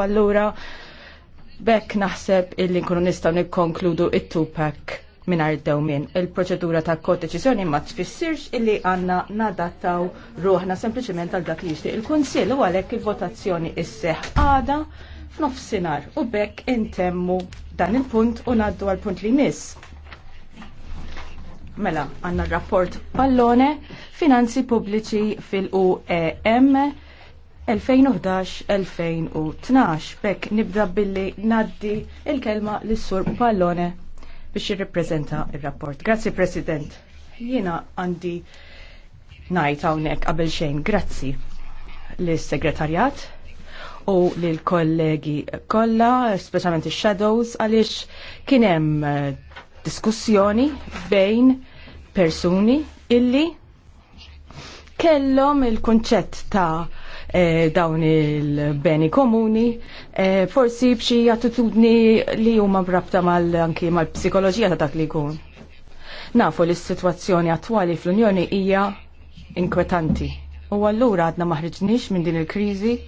Allura, bekk naħseb illi nkunu nistgħu nikkonkludu it-tupak mingħajr dewmien. Il-proċedura ta' kodeċiżjoni ma tfissirx illi għandna nadattaw ruħna sempliċement għal dak li jixtieq il-Kunsill u għalhekk il-votazzjoni isseħ għada f'nofsinhar u bekk intemmu dan il-punt u ngħaddu għal punt li miss. Mela, għanna rapport pallone, finanzi pubbliċi fil-UEM, 2011-2012. Bekk nibda billi naddi il-kelma l-sur Pallone biex jirripprezenta il-rapport. Grazzi, President. Jiena għandi najt hawnhekk qabel xejn. Grazzi l-segretarjat u l-kollegi kollha, speċjalment ix-shadows għaliex kien hemm eh, diskussjoni bejn persuni illi kellhom il-kunċett ta' Eh, dawn il-beni komuni, eh, forsi b'xi attitudni li huma mrabta mal-anki mal-psikoloġija ta' dak li jkun. Nafu li s-sitwazzjoni attwali fl-Unjoni hija inkwetanti. U allura għadna maħriġniex minn din il-kriżi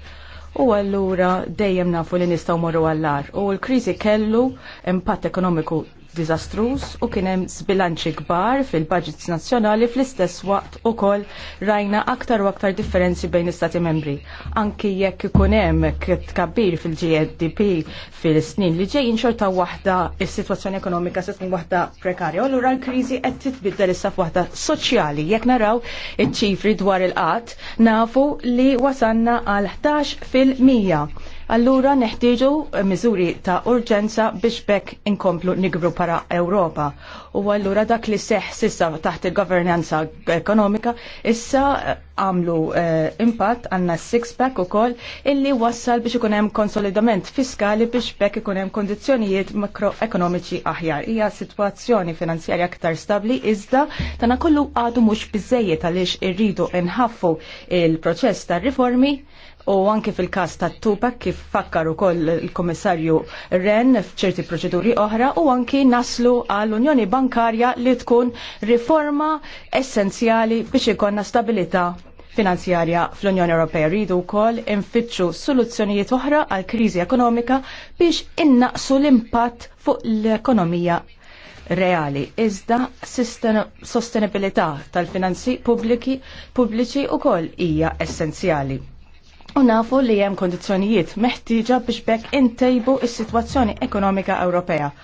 u allura dejjem nafu li nistgħu morru għallar. U l-kriżi kellu impatt ekonomiku diżastruż u kien hemm sbilanċi kbar fil-budgets nazzjonali fl-istess waqt ukoll rajna aktar u aktar differenzi bejn istati membri. Anki jekk ikun hemm tkabbir fil-GDP fil-snin li ġejjin xorta waħda is-sitwazzjoni ekonomika se tkun waħda prekarja. Allura l-kriżi qed titbiddel issa f'waħda soċjali. Jekk naraw iċ-ċifri dwar il-qatt nafu li wasanna għal 11 fil-mija allura neħtieġu eh, miżuri ta' urġenza biex bekk inkomplu nigru para Ewropa. U allura dak li seħ sissa taħt il-governanza ekonomika issa eh, għamlu eh, impatt għanna six-pack u koll illi wassal biex ikunem konsolidament fiskali biex bekk ikunem kondizjonijiet makroekonomiċi aħjar. Hija situazzjoni finanzjarja aktar stabli iżda tana kollu għadu mux bizzejiet għaliex irridu nħaffu il-proċess ta' riformi u anke fil-kas ta' Tupac kif fakkar ukoll il-Komissarju Ren f'ċerti proċeduri oħra u anki naslu għall unjoni Bankarja li tkun riforma essenzjali biex ikonna stabilità finanzjarja fl-Unjoni Ewropea rridu wkoll infittxu soluzzjonijiet oħra għal kriżi ekonomika biex innaqsu l-impatt fuq l-ekonomija reali. Iżda sostenibilità tal-finanzi pubbliċi u koll hija essenzjali u nafu li hemm kondizzjonijiet meħtieġa biex bekk intejbu is-sitwazzjoni ekonomika Ewropea.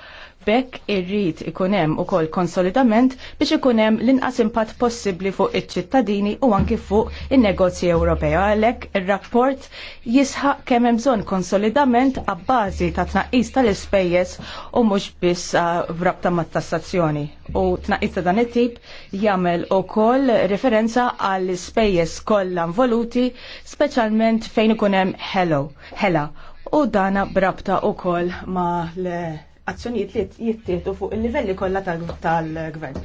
Bekk irrid ikun hemm ukoll konsolidament biex ikun hemm l-inqas impatt possibbli fuq iċ-ċittadini u anki fuq in-negozji Ewropej. Għalhekk ir-rapport jisħaq kemm hemm bżonn konsolidament abbażi ta' tnaqqis tal-ispejjeż u mhux biss b'rabta ah, mat-tassazzjoni. U tnaqqis ta' dan it-tip jagħmel ukoll referenza għall ispejjeż kollha involuti, speċjalment fejn ikun hemm ħela. U dana brabta ukoll ma' le azzjonijiet li jittieħdu fuq il-livelli kollha tal-gvern.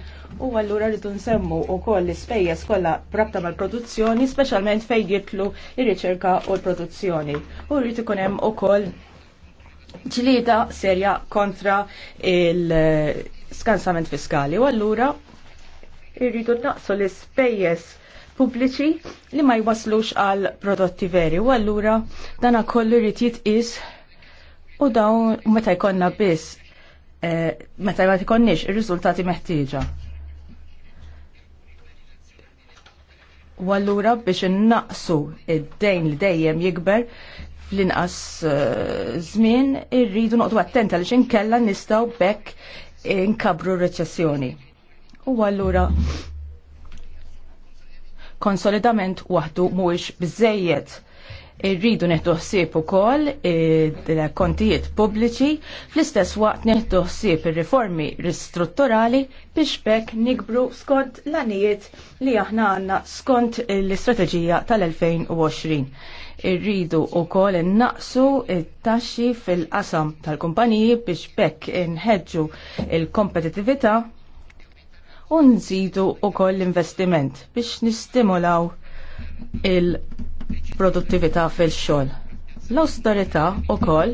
U allura rridu nsemmu wkoll l-ispejjeż kollha rabta mal-produzzjoni, speċjalment fejn jitlu ir-riċerka u l-produzzjoni. U rrid ikun hemm ukoll ġlieda serja kontra il-skansament fiskali. U allura irridu naqsu l-ispejjeż pubbliċi li ma jwaslux għal prodotti veri. U allura dan kollu rrid jitqis U dawn meta jkollna biss eh, meta ma tkonniex ir-riżultati meħtieġa. U allura biex innaqsu id-dejn li dejjem jikber fl-inqas eh, żmien irridu noqdu attenta għaliex inkella nistgħu bekk inkabru r-reċessjoni. U allura konsolidament waħdu mhuwiex biżejjed Irridu neħdu ħsieb ukoll eh, kontijiet pubbliċi, fl-istess waqt neħdu ħsieb ir-riformi ristrutturali biex bekk nikbru skont l-anijiet li aħna għandna skont l-istrateġija tal-2020. Irridu kol innaqsu il taxxi fil-qasam tal-kumpaniji biex bekk inħeġġu il-kompetittività u nżidu ukoll l-investiment biex nistimulaw il- produttività fil-xogħol. L-austerità wkoll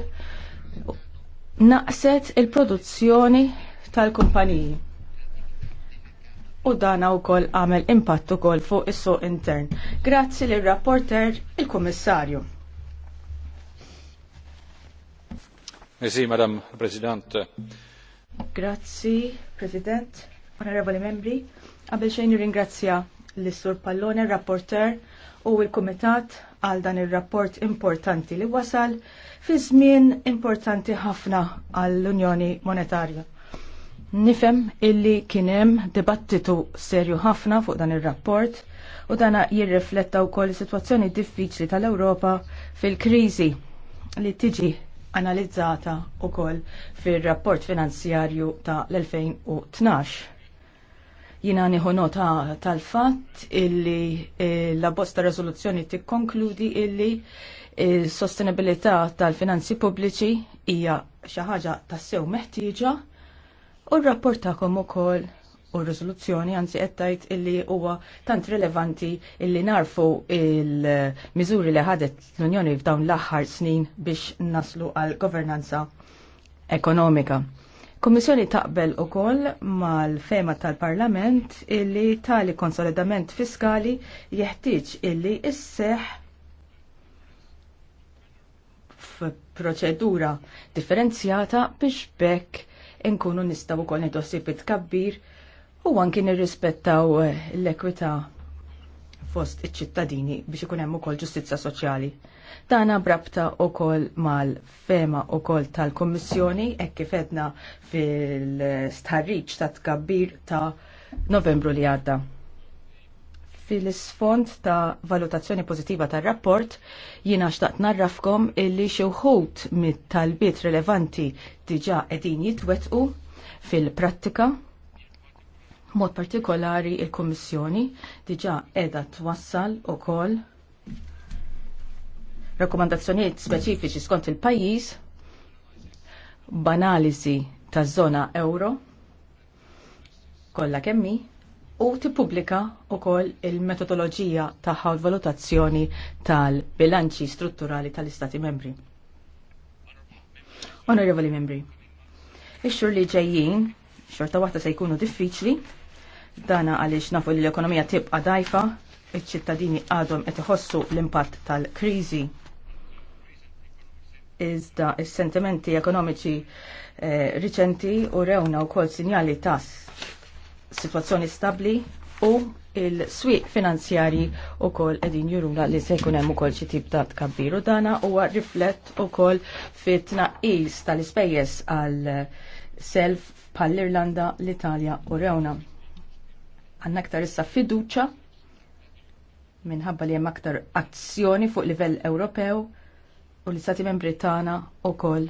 naqset il-produzzjoni tal-kumpaniji. U dana wkoll għamel impatt ukoll fuq is-suq intern. Grazzi lir rapporter il-Kummissarju. Merci, Madam President. Grazzi, President, Honorable membri. Għabel xejn ringrazzja l-Sur Pallone, rapporter u l-Kumitat għal dan il-rapport importanti li wasal fi żmien importanti ħafna għall-Unjoni Monetarja. Nifem illi kienem dibattitu serju ħafna fuq dan il-rapport u dana jirrifletta wkoll is-sitwazzjoni diffiċli tal-Ewropa fil-kriżi li tiġi analizzata u koll fil-rapport finanzjarju ta' l-2012. Jina nieħu nota tal-fatt illi eh, la bosta rezoluzzjoni tikkonkludi illi il-sostenibilità eh, tal-finanzi pubbliċi hija xi ħaġa tassew meħtieġa u rrapportakom ukoll u r-riżoluzzjoni anzi qed tgħid illi huwa tant rilevanti illi narfu il-miżuri li ħadet l-Unjoni f'dawn l-aħħar snin biex naslu għal governanza ekonomika. Kommissjoni taqbel u koll mal-fema tal-Parlament illi tali konsolidament fiskali jeħtieġ illi isseħ f'proċedura differenzjata biex bekk inkunu nistaw ukoll nidossib it-kabbir u anki nirrispettaw l ekwita fost iċ-ċittadini biex ikun hemm ukoll ġustizza soċjali. Dana brabta u kol mal-fema u kol tal-Kommissjoni ek kifedna fil-starriċ ta' tkabbir ta' novembru li għadda. Fil-sfond ta' valutazzjoni pozittiva tar rapport jina xtaqt narrafkom illi xewħut mit-talbiet relevanti diġa edin jitwetqu fil-prattika mod partikolari il-Kommissjoni diġa edha twassal u kol rekomandazzjonijiet speċifiċi skont il-pajjiż, banaliżi taż-żona euro kollha kemmi u tippubblika wkoll il-metodoloġija ta' u valutazzjoni tal-bilanċi strutturali tal-Istati membri. Onorevoli membri, ix xur li ġejjin xorta waħda se jkunu diffiċli, dana għaliex nafu li l-ekonomija tibqa' dajfa, iċ-ċittadini għadhom qed iħossu l-impatt tal-kriżi iżda is-sentimenti ekonomiċi eh, riċenti u rewna wkoll sinjali ta' situazzjoni stabbli u il-swieq finanzjari u kol edin juruna li se jkun hemm ukoll xi tip ta' tkabbir u dana huwa riflett ukoll fit tnaqqis tal-ispejjeż għal self bħall irlanda l-Italja u rewna. Għanna aktar issa fiduċa minħabba li hemm aktar azzjoni fuq livell Ewropew u l-istati membri tagħna wkoll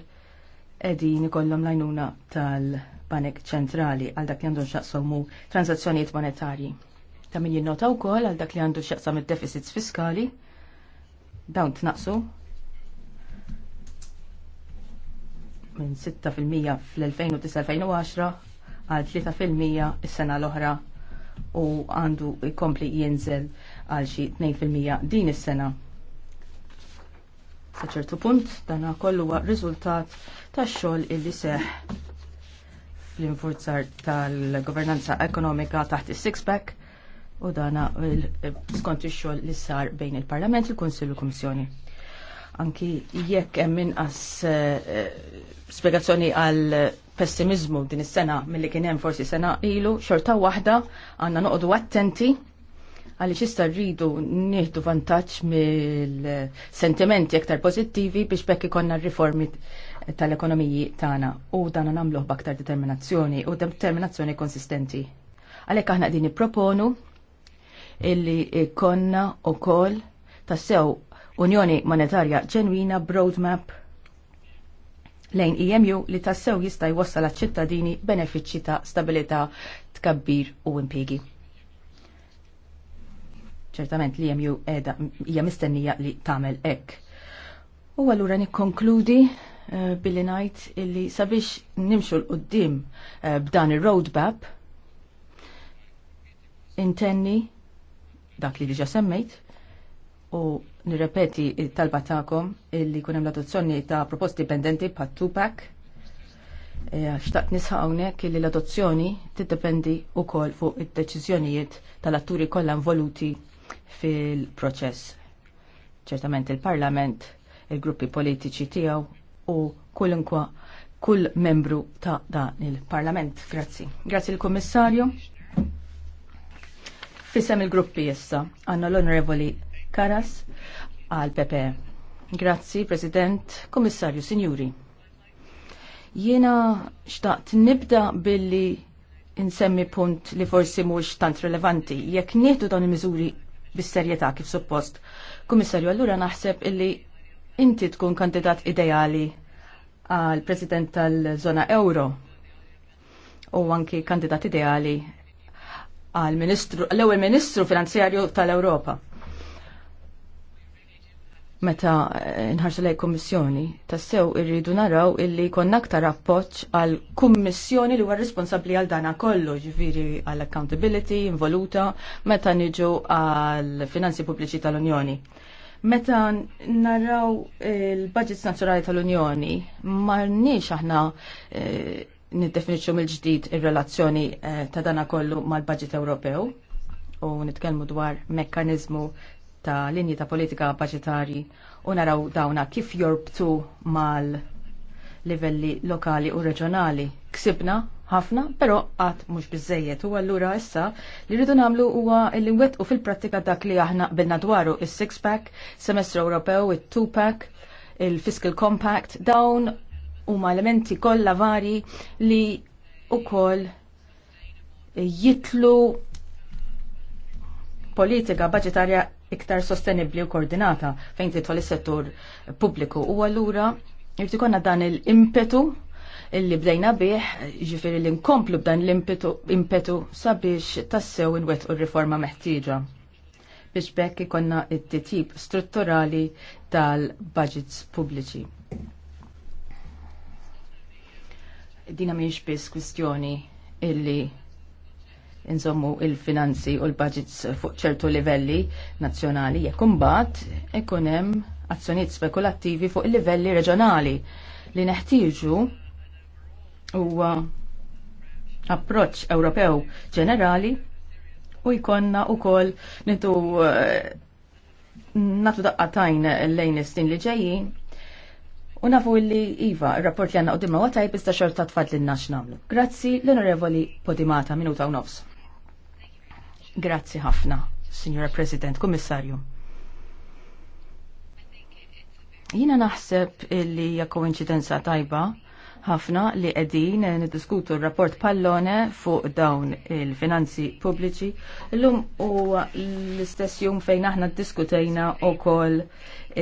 qegħdin ikollhom lajnuna tal-Banek Ċentrali għal dak li għandhom xaqsomu transazzjonijiet monetarji. Ta' min jinnota wkoll għal dak li għandu x'jaqsam id-deficits fiskali dawn tnaqsu minn 6% fl-2009-2010 għal 3% is-sena l-oħra u għandu jkompli jinżel għal xi 2% din is-sena. Sa ċertu punt dan kollu huwa riżultat tax-xogħol illi seħ fl-infurzar tal-governanza ekonomika taħt is-six pack u dana skont ix-xogħol li sar bejn il-Parlament, il-Kunsill u l-Kummissjoni. Anki jekk hemm inqas eh, spjegazzjoni għal pessimizmu din is-sena milli kien hemm forsi sena ilu, xorta waħda għandna noqogħdu attenti għaliex xista rridu nieħdu vantaġġ mill-sentimenti aktar pożittivi biex bekk ikonna riformi tal-ekonomiji tagħna u dan nagħmluh b'aktar determinazzjoni u determinazzjoni konsistenti. Għalhekk aħna qegħdin nipproponu illi ikonna u kol tassew Unjoni Monetarja Ġenwina Broadmap lejn EMU li tassew jista' jwassal ċittadini benefiċċji ta' stabilità tkabbir u impjegi ċertament li jemju edha hija mistennija li tagħmel hekk. U allura nikkonkludi uh, billi ngħid illi sabiex nimxu l qudiem uh, eh, b'dan ir-roadmap intenni dak li diġa semmejt u nirrepeti talba tagħkom illi kun hemm l-adozzjoni ta' proposti pendenti pa' Tupac e, xtaqt nisħawnek illi l-adozzjoni tiddependi u kol fuq id-deċizjonijiet tal-atturi kollha involuti fil-proċess. Ċertament il-Parlament, il-gruppi politiċi tiegħu u kullinkwa kull membru ta' dan il-Parlament. Grazzi. Grazzi l-Kummissarju. Fissem il-gruppi issa għanna l-Onorevoli Karas għal PP. Grazzi, President, Kommissarju Signuri. Jiena xtaqt nibda billi insemmi punt li forsi mhux tant relevanti. Jekk nieħdu dawn il-miżuri bis-serjetà kif suppost. Kummissarju, allura naħseb illi inti tkun kandidat ideali għal president tal-zona euro u anki kandidat ideali għal l-ewwel ministru finanzjarju tal-Ewropa meta eh, nħarsu lej kommissjoni. Tassew irridu naraw illi konna aktar appoċ għal kummissjoni li huwa responsabli għal dana kollu, ġifiri għal accountability involuta meta niġu għal finanzi pubbliċi tal-Unjoni. Meta naraw il-budgets nazzjonali tal-Unjoni, marniex aħna e, niddefinixxu mill-ġdid ir-relazzjoni e, ta' dana kollu mal-budget Ewropew u nitkellmu dwar mekkanizmu ta' linji ta' politika budgetari u naraw dawna kif jorbtu mal livelli lokali u reġjonali. Ksibna ħafna, pero għat mux bizzejiet. U għallura issa li rridu namlu huwa li wet u fil-prattika dak li aħna bilna dwaru il-six-pack, semestru Ewropew, il-two-pack, il-fiscal compact, dawn huma elementi kollha vari li koll jitlu politika budgetarja iktar sostenibli u koordinata fejn titħol is-settur pubbliku u allura jirti konna dan il-impetu illi bdejna bih, ġifiri li nkomplu b'dan l-impetu sabiex tassew inwet u riforma meħtieġa biex bekk ikonna it-titib strutturali tal-budgets pubbliċi. Dina miex biss kwistjoni illi inżommu il-finanzi u l-budgets fuq ċertu livelli nazzjonali, jekk imbagħad ikun hemm azzjonijiet spekulattivi fuq il-livelli reġjonali li neħtieġu huwa approċċ Ewropew ġenerali u jkonna wkoll nitu eh, natu daqqatajn lejn is-snin li ġejjin U nafu li Iva, il-rapport li għanna u dimma għataj bista xorta tfad l-nax namlu. Grazzi l-onorevoli Podimata, minuta u nofs. Grazzi ħafna, Signora President, Kommissarju. Jina naħseb li hija koinċidenza tajba ħafna li qegħdin niddiskutu r-rapport pallone fuq dawn il-finanzi pubbliċi llum u l-istess jum fejn aħna ddiskutejna wkoll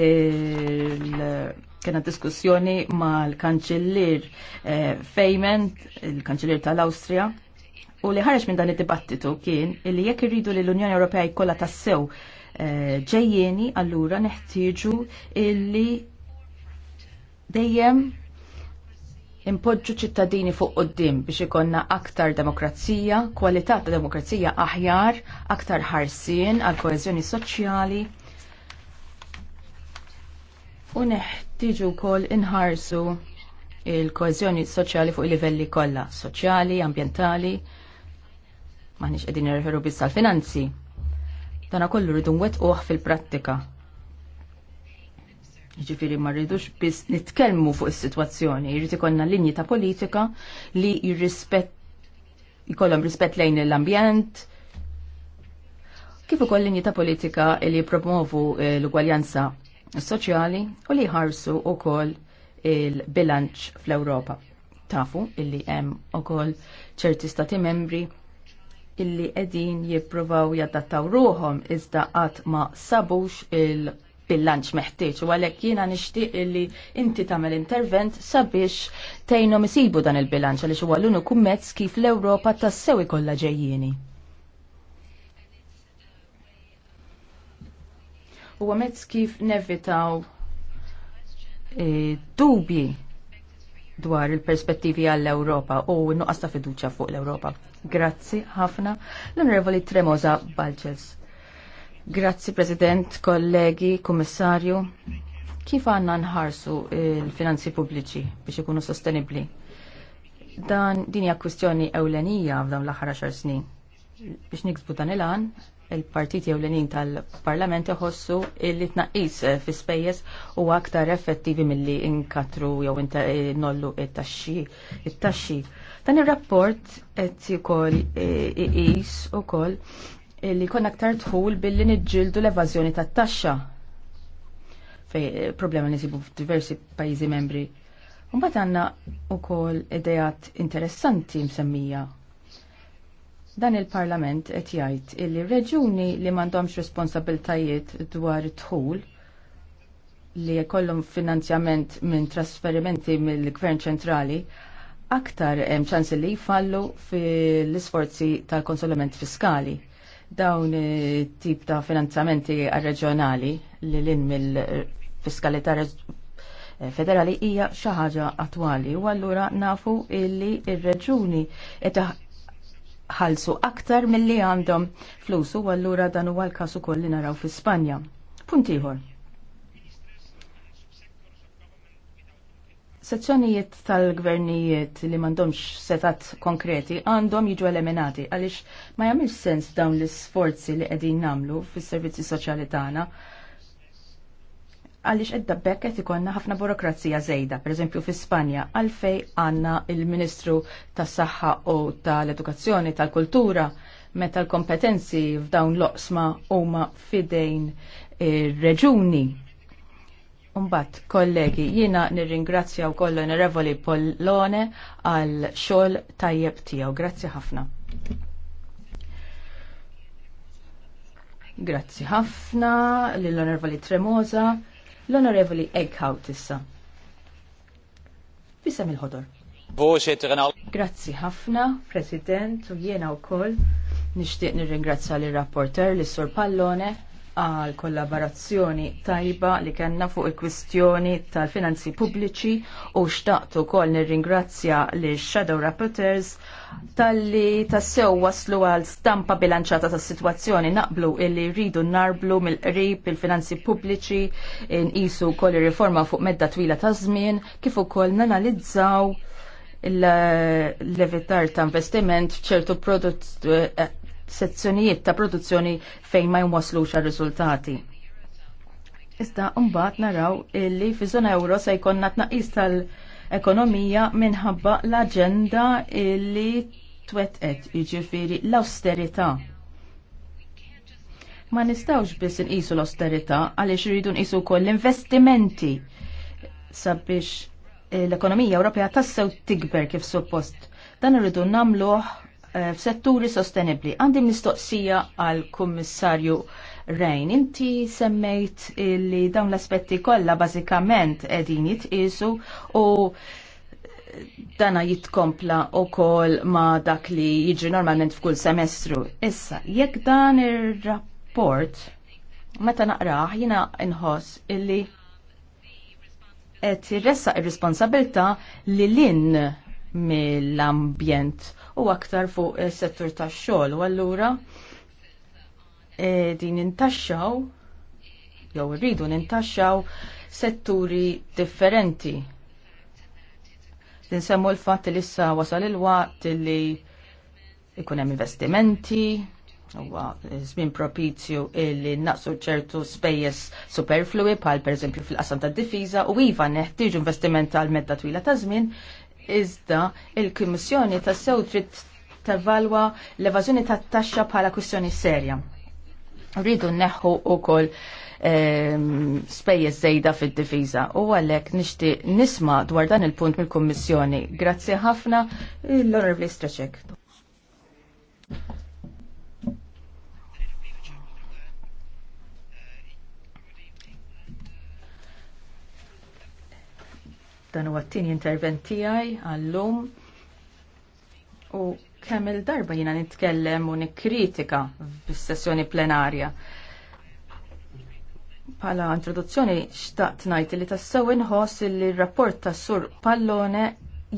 il- kena diskussjoni mal-kanċellir eh, Fejment, il kanċillir tal-Austria, U li ħarġ minn dan id-dibattitu kien illi jekk irridu li l-Unjoni Ewropea jkollha tassew eh, ġejjeni, allura neħtieġu illi dejjem impoġġu ċittadini fuq qoddim biex ikonna aktar demokrazija, kwalità ta' demokrazija aħjar, aktar ħarsien għal koeżjoni soċjali. U neħtieġu wkoll inħarsu il-koeżjoni soċjali fuq il-livelli kollha, soċjali, ambjentali maħniex qegħdin nirreferu biss għal finanzi. Dana kollu rridu nwettquh fil-prattika. Ġifiri ma rridux biss nitkellmu fuq is-sitwazzjoni, jrid ikollna linji ta' politika li jirrispet, jikollom rispett lejn l-ambjent, kif ukoll linji ta' politika li jipromovu eh, l-ugwaljanza soċjali u li jħarsu ukoll il-bilanċ fl-Ewropa. Tafu illi hemm ukoll ċerti stati membri illi edin jipprovaw jadattaw ruħom iżda qatt ma sabux il-bilanċ meħtieġ u għalhekk jiena nixtieq illi inti tagħmel intervent sabiex tgħinhom isibu dan il-bilanċ għaliex huwa l-uniku mezz kif l-Ewropa tassew ikollha ġejjieni. Huwa mezz kif nevitaw eh, dubji dwar il-perspettivi għall-Europa u nuqqas ta' fiduċa fuq l-Europa. Grazzi ħafna l-Onorevoli Tremosa Balċels. Grazzi President, kollegi, Kummissarju. Kif għanna nħarsu il-finanzi pubbliċi biex ikunu sostenibli? Dan din hija kwistjoni ewlenija f'dawn l-aħħar 10 snin. Biex niksbu dan il-għan, il-partiti ewlenin tal-parlament iħossu li tnaqqis eh, fi spejjes u aktar effettivi milli inkatru jew nollu it-taxxi. It-taxxi. Dan ir-rapport qed jkoll eh, iqis ukoll li kon aktar tħul billi niġġildu l-evażjoni tat-taxxa fej eh, problema nisibu f'diversi pajjiżi membri. Mbagħad għandna wkoll idejat interessanti msemmija dan il-Parlament qed jgħid li reġuni li m'għandhomx responsabiltajiet dwar it-tħul li jkollhom finanzjament minn trasferimenti mill-Gvern ċentrali aktar hemm ċans li jfallu fil-isforzi tal-konsolament fiskali dawn tip ta' finanzjamenti reġjonali li lin mill-fiskalità federali hija xi ħaġa attwali u allura nafu illi ir-reġuni qed ħalsu aktar mill-li għandhom flusu għallura dan huwa l-każ ukoll li naraw fi Spanja. Punt ieħor. Sezzjonijiet tal-gvernijiet li m'għandhomx setat konkreti għandhom jiġu eliminati għaliex ma jamil sens dawn l-isforzi li qegħdin nagħmlu fis-servizzi soċjali tagħna għaliex edda bekket qed ikollna ħafna burokrazija żejda, eżempju fi Spanja għalfej għandna il-Ministru tas-Saħħa u tal-Edukazzjoni tal-Kultura meta l-kompetenzi f'dawn l-oqsma huma fidejn ir-reġuni. Umbat, kollegi, jina nirringrazzja u kollu nirevoli Pollone għal xol tajjeb tiegħu. Grazzi ħafna. Grazzi ħafna lill-onorevoli Tremosa. L-Onorevoli Egghout issa. Bisem il-ħodor. Grazzi ħafna, President, u jiena u koll. Nishtiq nirringrazzja l-rapporter, l-Sur Pallone, għal kollaborazzjoni tajba li kellna fuq il-kwistjoni tal-finanzi pubbliċi u xtaqtu kol nirringrazzja li Shadow Rapporteurs tal-li tassew waslu għal stampa bilanċata tas situazzjoni naqblu illi rridu narblu mill-qrib il-finanzi pubbliċi nqisu kol ir-riforma fuq medda twila ta' żmien kif ukoll nanalizzaw l-levitar ta' investiment f'ċertu sezzjonijiet ta' produzzjoni fejn ma jwaslux għal riżultati. Iżda mbagħad naraw li fi żona euro se jkollna tnaqqis tal-ekonomija minħabba l-aġenda li twetqet jiġifieri l-austerità ma nistawx biss nqisu l-austerità għaliex iridu nqisu wkoll l-investimenti sabiex l-ekonomija Ewropea tassew tikber kif suppost. Dan irridu nagħmluh Eh, f'setturi sostenibli. Għandi mistoqsija għal kummissarju Rejn, inti semmejt li dawn l-aspetti kollha bażikament qegħdin jitqisu u dana jitkompla u kol ma dak li jiġri normalment f'kull semestru. Issa, jekk dan ir-rapport meta naqraħ jina inħoss illi qed irressa ir-responsabilta li lin mill-ambjent u aktar fuq is-settur tax-xogħol. U allura e, din intaxxaw jew irridu nintaxxaw setturi differenti. Ninsemmu l-fatt li issa wasal il-waqt li ikun hemm investimenti, huwa żmien propizju illi naqsu ċertu spejjeż superflui bħal pereżempju fil-qasam tad-difiża u iva neħtieġu investiment għal medda twila ta' żmien Iżda il-Kummissjoni tassew trid tevalwa l-evażjoni tat-taxxa bħala kwistjoni serja. Rridu neħħu ukoll ehm, spejjeż żejda fid-difiża u għalhekk nixtieq nisma dwar dan il-punt mill-Kummissjoni. Grazzi ħafna l-Onorevoli Straċek. Dan huwa t-tieni intervent tiegħi għallum u kemm il-darba jiena nitkellem u nikkritika fis-sessjoni plenarja. Pala introduzzjoni xtaqt ngħid li tassew inħoss li r-rapport tas-sur Pallone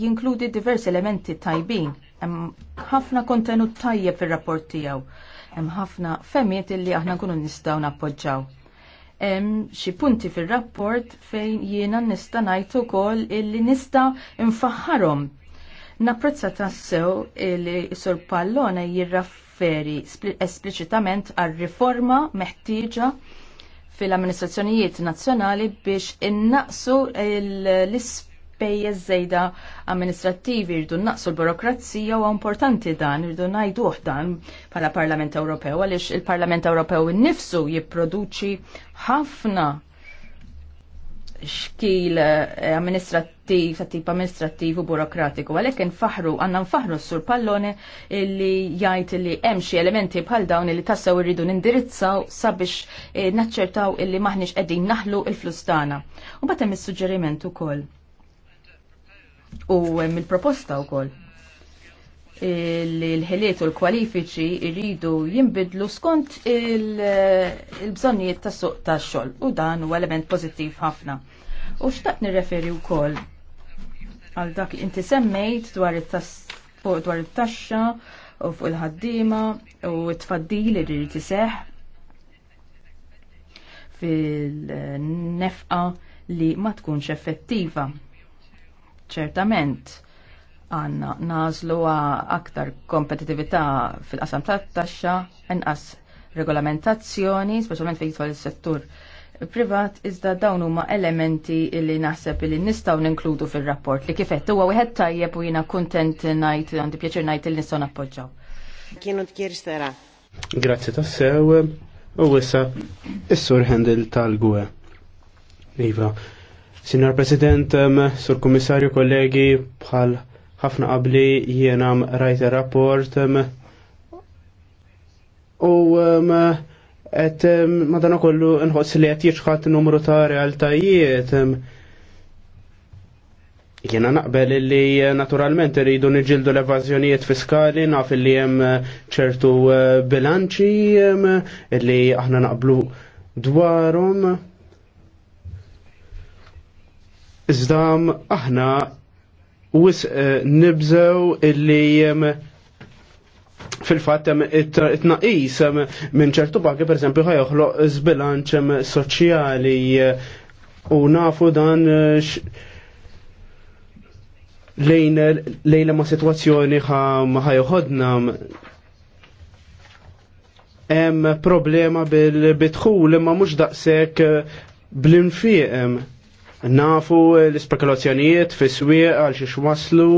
jinkludi diversi elementi tajbin. Hemm ħafna kontenut tajjeb fir-rapport tiegħu. Hemm ħafna femiet illi aħna nkunu nistgħu nappoġġaw hemm xi punti fir-rapport fejn jiena nista' ngħid ukoll illi nista' nfaħħarhom. Napprezza tassew li Sur Pallone jirraferi espliċitament għal riforma meħtieġa fil-amministrazzjonijiet nazzjonali biex innaqsu l-isfel spejjeż zzejda amministrattivi rridu naqsu l-burokrazija u importanti dan rridu ngħiduh dan bħala Parlament Ewropew għaliex il-Parlament Ewropew nifsu jipproduċi ħafna xkil eh, amministrattiv, tip amministrattiv u burokratiku. Għalek nfaħru, għanna nfaħru s-sur pallone li jajt li hemm xi elementi bħal dawn li tassaw irridu nindirizzaw sabiex eh, naċċertaw illi maħniex qegħdin naħlu il-flustana. U batem is-suġġeriment ukoll u hemm il-proposta wkoll il-ħiliet u l-kwalifiċi irridu jimbidlu skont il-bżonnijiet tas suq tax-xogħol u dan huwa element pożittiv ħafna. U xtaqt nirreferi wkoll għal dak li inti semmejt dwar it-taxxa u fuq il-ħaddiema u t-tfaddil li rrid iseħħ fil-nefqa li ma tkunx effettiva ċertament għanna nażlu aktar kompetitività fil-qasam tat-taxxa, inqas regolamentazzjoni, speċjalment fejn jitfall is-settur privat iżda dawn huma elementi li naħseb li nistgħu ninkludu fir-rapport li kifet huwa wieħed tajjeb u jiena kuntent ngħid għandi pjaċir ngħid li nistgħu nappoġġaw. Kienu tkir stera. Grazzi tassew u issa is-sur Handel tal-Gwe. Iva, Signor President, Sur Kommissarju, kollegi, bħal ħafna qabli jiena rajt rapport u et madana kollu nħoss li għet jieċħat numru ta' realtajiet. Jiena naqbel li naturalment rridu nġildu l-evazjonijiet fiskali, naf li jem ċertu eh, bilanċi, li aħna naqblu dwarom. Iżda mm, aħna wis eh, nibżew illi mm, fil-fatt mm, it-naqis minn ċertu baki, per eżempju ħajoħloq zbilanċ soċjali eh, u nafu dan eh, lejla ma situazzjoni ħajoħodna hemm problema bil-bidħul imma mhux daqshekk bl-infieqem. Nafu l-spekulazzjonijiet fi swieq għal xiex waslu.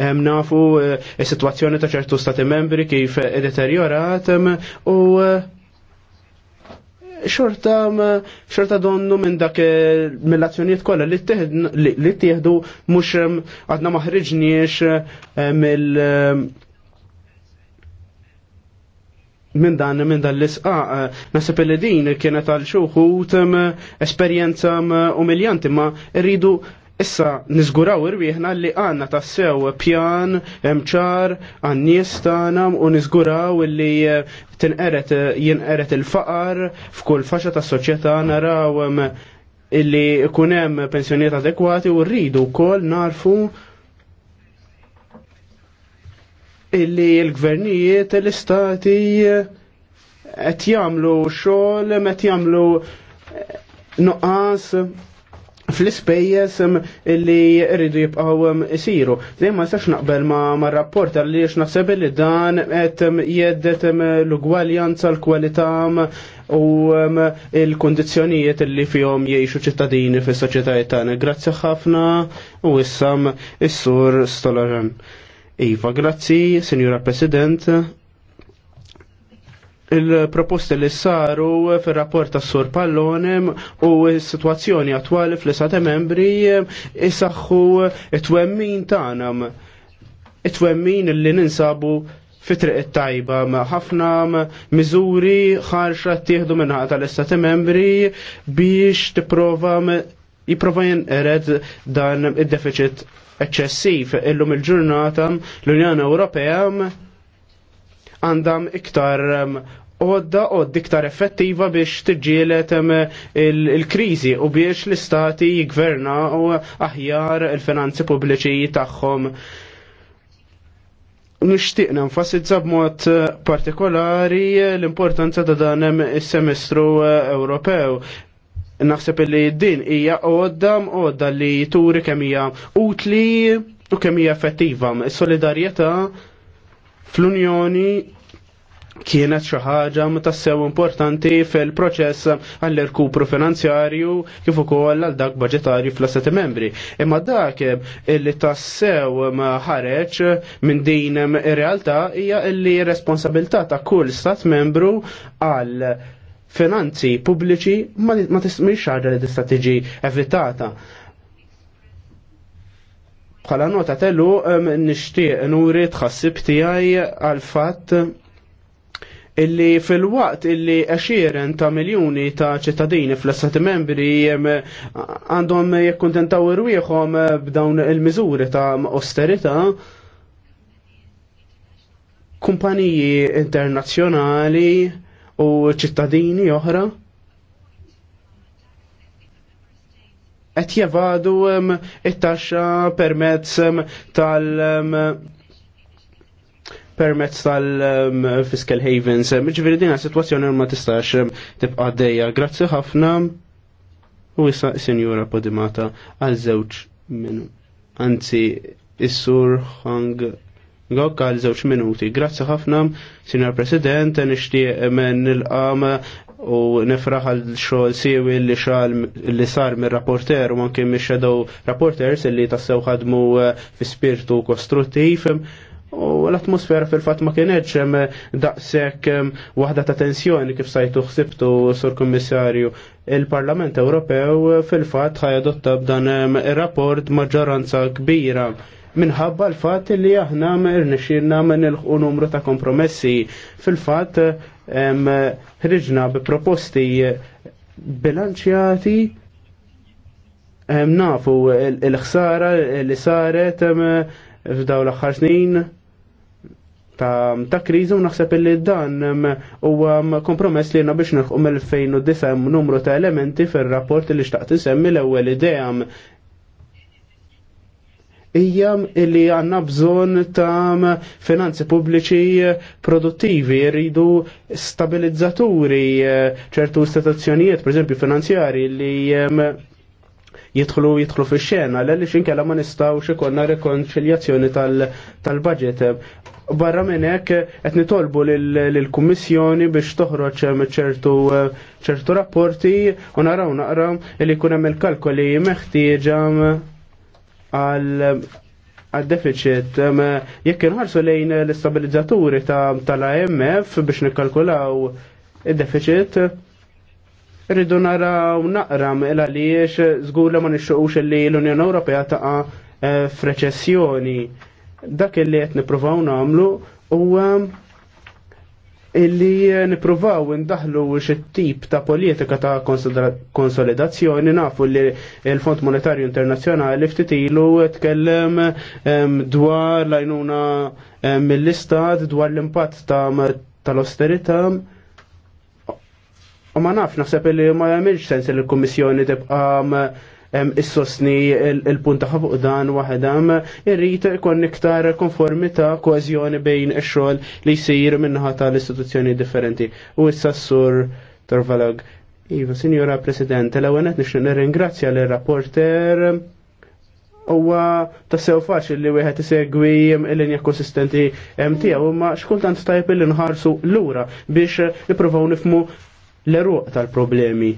Hemm nafu eh, s-sitwazzjoni ta' ċertu stati membri kif deteriorat u eh, xorta xorta donnu minn dak eh, mill-azzjonijiet kollha li ttieħdu mhux għadna maħriġniex mill- minn dan minn dan l-isqaq. Eh, Nasib li din kienet għal xuħut esperjenza umiljanti ma rridu issa nizguraw irwieħna li għanna tassew pjan, mċar, għannis tanam u nizguraw li eh, tinqeret jinqeret il-faqar f'kull faċa ta' soċjetà naraw illi kunem pensjoniet adekwati u rridu kol narfu illi l-gvernijiet, l-istati qed jagħmlu xogħol, qed jagħmlu nuqqas fl ispejjeż illi rridu jibqgħu isiru. Dejjem ma sax naqbel ma' rapport għaliex x naħseb li dan qed jeddet l-ugwaljanza l-kwalità u um, l kundizzjonijiet li fihom jgħixu ċittadini fis-soċjetajiet tagħna. Grazzi ħafna u issam is-sur Stolaran. Iva, grazzi, Signora President. Il-proposti li saru fil-rapport ta' Sur Pallonem u s-situazzjoni attwali fl istati membri isaxħu it-twemmin tanam. It-twemmin li ninsabu fitriq it-tajba ħafna miżuri ħarxa ttieħdu minnaħa tal-istati membri biex tipprova jipprova jinqered dan id-deficit eċċessiv illum il-ġurnata l-Unjoni Ewropea mm, għandam mm, iktar mm, għodda u iktar effettiva biex tiġġielet il-krizi u biex l-istati jgverna u aħjar il-finanzi pubbliċi tagħhom. Nishtiq nenfasizza b'mod eh, partikolari l-importanza ta' danem is-semestru eh, Ewropew naħseb li din hija għodda għodda li turi kemm hija utli u kemm hija effettiva. Is-solidarjetà fl-Unjoni kienet xi ħaġa tassew importanti fil-proċess għall irkupru finanzjarju kif ukoll għal dak budġetarju fl-Stati membri. Imma dak illi tassew ħareġ minn din ir-realtà hija li responsabilità ta' kull stat membru għal finanzi pubbliċi ma tismix ħaġa li tista' tiġi evitata. Bħala nota tellu nixtieq nuri tħassib tiegħi għal fatt illi fil-waqt illi għaxieren ta' miljoni ta' ċittadini fl-istati membri għandhom jekkontentaw irwieħom b'dawn il-miżuri ta' austerita kumpaniji internazzjonali u ċittadini oħra qed jevadu it-taxxa permezz tal permezz tal-fiscal havens. din is situazzjoni ma tistax tibqa' dejja. Grazzi ħafna u issa Sinjura Podimata għal żewġ minn anzi is-sur Hang Għok għal zewċ minuti. Grazzi ħafna, Sinjor President, nishtiq men nil-qam u nifraħ għal xol siwi li xal li sar minn rapporter u manki mi rapporters li tassew ħadmu eh, fi spirtu kostruttiv u l-atmosfera fil-fat ma kienieċ eh, daqsek eh, wahda ta' tensjoni kif sajtu xsibtu sur kommissarju il-Parlament Ewropew fil-fat ħajadotta b'dan ir-rapport maġġoranza kbira minħabba l-fat li aħna rnexxirna nilħu numru ta' kompromessi. Fil-fat ħriġna bi proposti bilanċjati nafu l-ħsara li saret f'daw l-aħħar snin ta', ta u naħseb li dan huwa kompromess li jena biex nilħu mill-2009 numru ta' elementi fir-rapport li xtaqt insemmi l-ewwel idea hija li għanna bżonn ta' finanzi pubbliċi produttivi, rridu stabilizzaturi eh, ċertu istituzzjonijiet, per esempio finanzjari li ehm, jidħlu jidħlu fi xena, l-għalli xinkella ma nistaw xikonna rekonċiljazzjoni tal-budget. Barra minn hekk qed nitolbu lill-Kummissjoni biex toħroġ ċertu ċertu rapporti u naraw naqra li jkun hemm il-kalkoli meħtieġa għal għad-deficit, jekk inħarsu lejn l-istabilizzaturi tal amf biex nikkalkulaw il-deficit, rridu naraw naqram mela il-għaliex zgur li ma nixxuqux li l-Unjoni Ewropea taqa eh, f'reċessjoni. Dak li qed nippruvaw nagħmlu u illi eh, nipruvaw indaħlu tip ta' politika ta' konsolidazzjoni nafu li il-Fond Monetarju Internazzjonali ftitilu tkellem dwar lajnuna mill-istat dwar l-impatt ta' tal-austerita' U ma naf, naħseb li ma jamilx sens li l kommissjoni tibqa' is-sosni il-punta fuq dan waħedam irrid ikun iktar konformità kważjoni bejn ix-xogħol li jsir minnaħa tal-istituzzjoni differenti. U issa s-sur Torvalog. Iva, Sinjora President, l-ewwel qed nixtieq nirringrazzja lir rapporter huwa tassew faċil li wieħed isegwi il linja konsistenti tiegħu ma xkultant tajb li nħarsu lura biex nippruvaw nifmu l-eruq tal-problemi.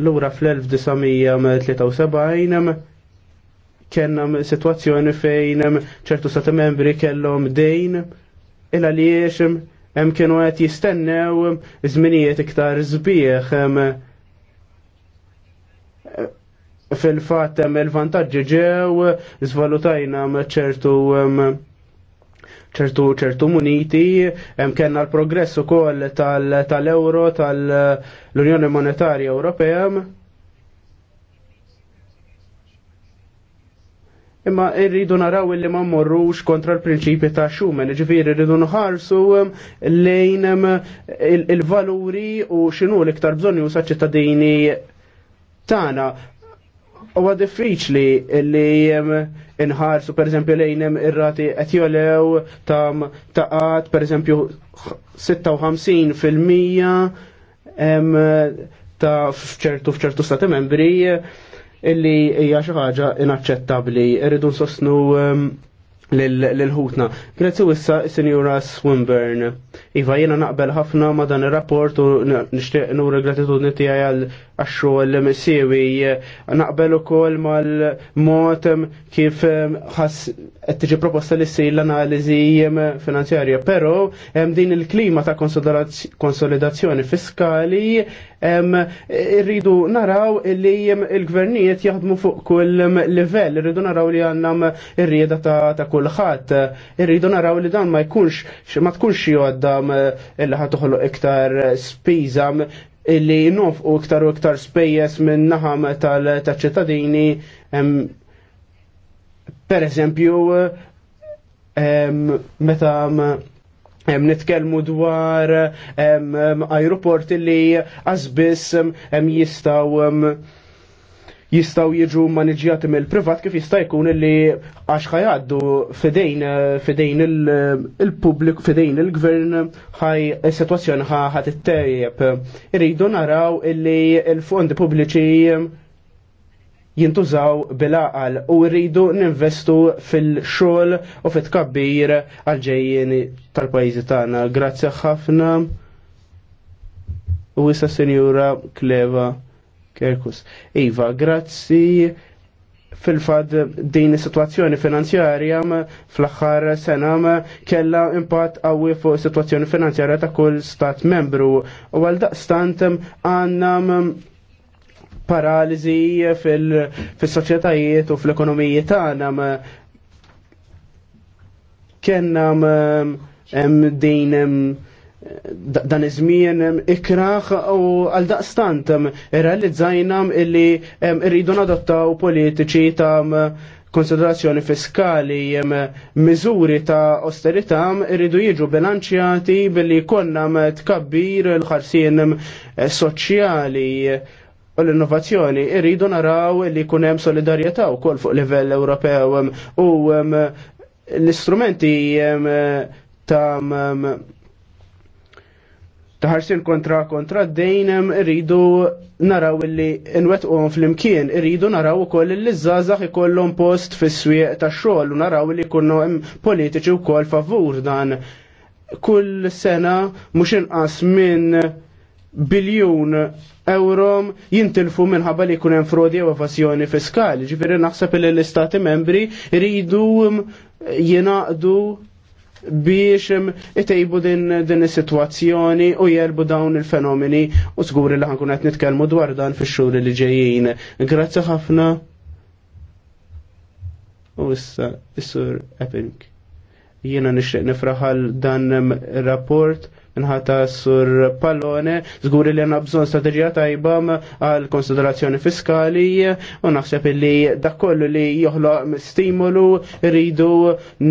Lura fl-1973 kena situazzjoni fejn ċertu stati membri kellhom dejn li jiexem hemm kienu qed jistennew żminijiet iktar żbieħ fil-fatt hemm il-vantaġġi ġew żvalutajna ċertu ċertu ċertu muniti, hemm kellna l-progress ukoll tal-euro tal-Unjoni Monetarja Ewropea. Imma irridu naraw illi ma mmorrux kontra l-prinċipi ta' xumen, ġifiri irridu nħarsu lejn il-valuri u xinu l-iktar bżonni u saċ ċittadini tana Huwa diffiċli li inħarsu pereżempju lejnem ir-rati qed jolew ta' taqat pereżempju 56 fil-mija ta' f'ċertu f'ċertu stati membri illi hija xi ħaġa inaċċettabbli. Irridu nsostnu l-ħutna. Grazzi wissa Sinjura Swinburne. Iva jena naqbel ħafna ma dan il-rapport u nishtiq nura gratitudni tijaj għal għaxxol l-missiwi. Naqbel u kol ma l motem kif ħas tiġi proposta li s l-analizi finanzjarja. Pero din il-klima ta' konsolidazzjoni fiskali irridu naraw li il-gvernijiet jaħdmu fuq kull livell, irridu naraw li għannam irrieda ta' kulħadd. Eh, irridu naraw li dan ma jkunx ma tkunx jgħoddam eh, illi ħad toħloq iktar eh, spiża illi nofqu iktar u iktar spejjeż minn naħam tal-ċittadini per eżempju meta nitkelmu dwar aeroporti li għazbis jistaw jistaw jiġu maniġjati mill-privat kif jista' jkun li għax ħajgħaddu fidejn fidejn il-pubbliku fidejn il-gvern ħaj is-sitwazzjoni ħad ittejjeb. Irridu naraw illi l-fondi pubbliċi jintużaw bil-aqal u rridu ninvestu fil-xogħol u fit-kabbir għal tal-pajjiżi tagħna. Grazzi ħafna. U issa Sinjura Kleva. Kerkus. Iva, grazzi fil-fad din situazzjoni finanzjarja fl-axħar sena kella impatt għawi fuq situazzjoni finanzjarja ta' kull stat membru u għal daqstant għanna paralizi fil-soċjetajiet u fl ekonomiji tagħna kien hemm din dan iż-żmien ikraħ u għal daqstant irrealizzajna illi rridu nadottaw politiċi ta' konsiderazzjoni fiskali miżuri ta' austerità irridu jiġu bilanċjati billi konna tkabbir l-ħarsien soċjali u l-innovazzjoni irridu naraw li kunem solidarjetà u kol fuq livell Ewropew u l-istrumenti ta' taħarsin kontra kontra dejnem rridu naraw illi nwetqom fl-imkien, rridu naraw u koll li zazax ikollhom post fis swieq ta' xogħol u naraw li kunnu hemm politiċi wkoll favur dan. Kull sena mhux inqas minn biljun euro jintilfu minħabba li jkun hemm frodi u evasjoni fiskali. Ġifieri naħseb li l-istati membri rridu jingħaqdu biex itejbu din din is-sitwazzjoni u jerbu dawn il-fenomeni u żguri li ħankun qed nitkellmu dwar dan fix-xhur li ġejjin. Grazzi ħafna. U issa is-sur Epping. Jiena nixtieq nifraħal dan rapport nħata sur pallone, zguri li għanna bżon strategija tajba għal konsiderazzjoni fiskali u naħseb li dak kollu li joħloq stimolu rridu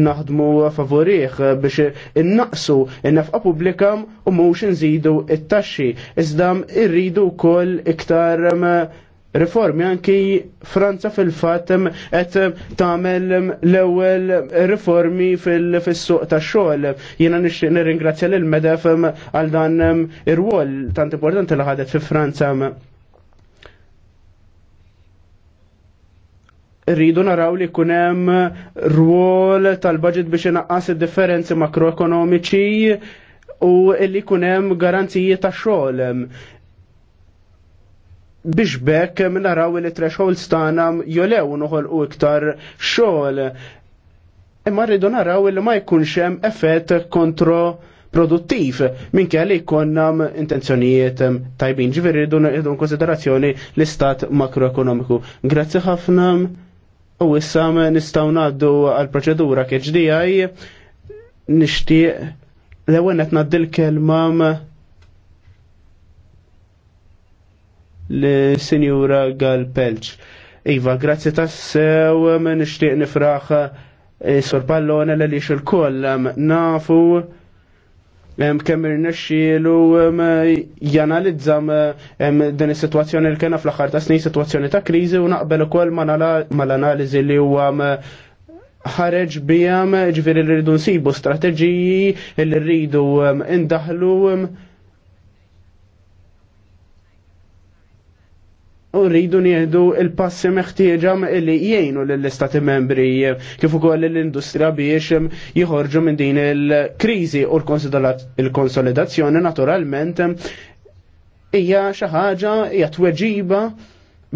naħdmu favorih biex innaqsu in-nafqa pubblika u mux nżidu it-taxxi. Iżda irridu wkoll iktar riformi anki Franza fil fatem qed tagħmel l-ewwel riformi fil-suq tax-xogħol. Jiena nixtieq nirringrazzja l medef għal dan ir wol tant importanti li ħadet fi Franza. rridu naraw li kunem rwol tal-budget biex inaqqas id-differenzi makroekonomiċi u li kunem garanziji ta' xogħol biex bekk naraw li thresholds tagħna jolew noħolqu iktar xogħol. Imma rridu naraw li ma jkunx hemm effett kontro produttiv minn kelli jkollna intenzjonijiet tajbin ġifieri rridu nieħdu konsiderazzjoni l-istat makroekonomiku. Grazzi ħafna u issa nistgħu ngħaddu għall proċedura keġdijaj nixtieq l-ewwel naddil ngħaddi l l Sinjura Galpelċ. Iva, grazzi tassew, minn ixtiq nifraħ eh, Sur Pallone li xil kollam nafu kemm irnexxielu janalizzam din is-sitwazzjoni li kena fl-aħħar ta' snin sitwazzjoni ta' kriżi u naqbel ukoll mal-analiżi li għam ħareġ bijam ġviri li rridu nsibu strateġiji li rridu indaħlu u rridu nieħdu il-passi meħtieġa li jgħinu lill-istati membri kif ukoll l-industrija biex jħorġu minn din il-kriżi u l-konsolidazzjoni naturalment hija xi ħaġa hija tweġiba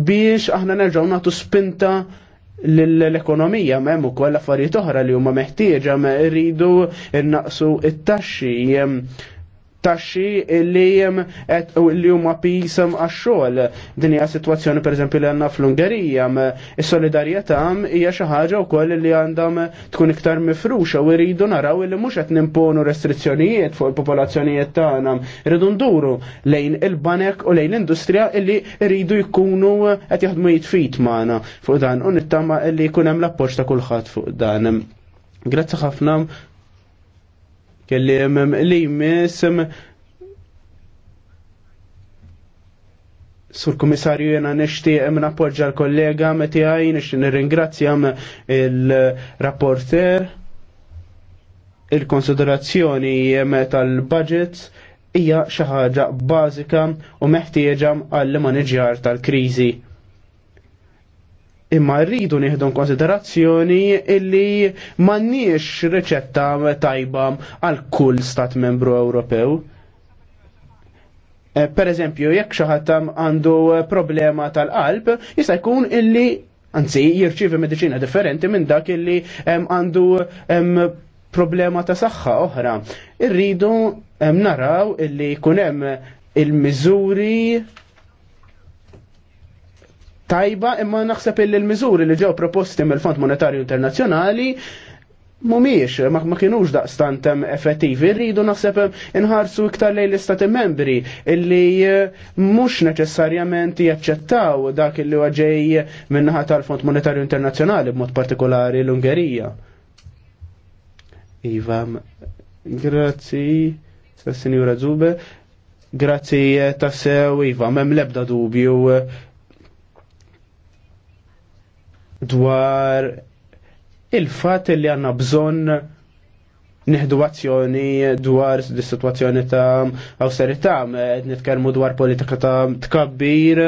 biex aħna nerġgħu nagħtu spinta l-ekonomija m'hemm ukoll affarijiet oħra li huma meħtieġa rridu innaqsu it-taxxi taxxi li li huma pisem għax-xogħol. Din hija sitwazzjoni pereżempju li għandna fl-Ungerija, is-solidarjetà hija xi ħaġa wkoll li għandhom tkun iktar mifruxa u rridu naraw li mhux qed nimponu restrizzjonijiet fuq il-popolazzjonijiet tagħna. Rridu nduru lejn il-banek u lejn l-industrija li rridu jkunu qed jaħdmu jitfit magħna fuq dan u nittama li jkun hemm l-appoġġ ta' kulħadd fuq dan. Grazzi ħafna kelli li jmissem Sur komissarju jena nishti emna appoġġa l-kollega meti għaj nishti nirringrazzjam il-rapporter il-konsiderazzjoni tal-budget hija xi ħaġa bażika u meħtieġa għall-maniġjar tal-kriżi. Imma rridu nieħdu konsiderazzjoni illi m'għandniex riċetta tajba għal kull stat membru Ewropew. Eh, per eżempju, jekk xi ħadd għandu problema tal-qalb, jista' jkun illi anzi jirċievi mediċina differenti minn dak illi għandu problema ta' saħħa oħra. Irridu naraw illi jkun hemm il-miżuri tajba imma naħseb il l-miżuri li ġew proposti mill-Fond Monetarju Internazzjonali mumiex, ma, ma kienux effettivi, rridu naħseb inħarsu iktar lejn l-istati membri illi eh, mhux neċessarjament jaċċettaw dak illi għagġej minnaħa tal-Fond Monetarju Internazzjonali b'mod partikolari l-Ungerija. Iva, grazzi, sa' Sinjura Zube, grazzi eh, tassew, Iva, mem lebda dubju eh, dwar il-fat li għanna bżon neħdu azzjoni dwar dis-situazzjoni ta' austerità, nitkellmu dwar politika ta' tkabbir.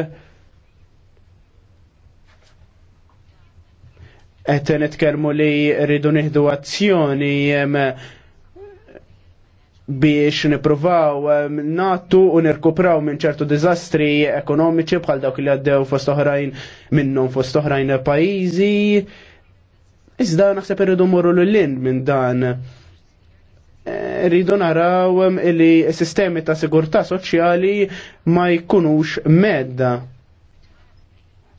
Qed nitkellmu li rridu nieħdu azzjoni biex niprovaw nattu u nirkupraw minn ċertu dizastri ekonomiċi bħal dawk li għaddew fost oħrajn minnhom fost oħrajn pajjiżi. Iżda naħseb irridu morru l-lin minn dan. E, rridu naraw li sistemi ta' sigurtà soċjali ma jkunux medda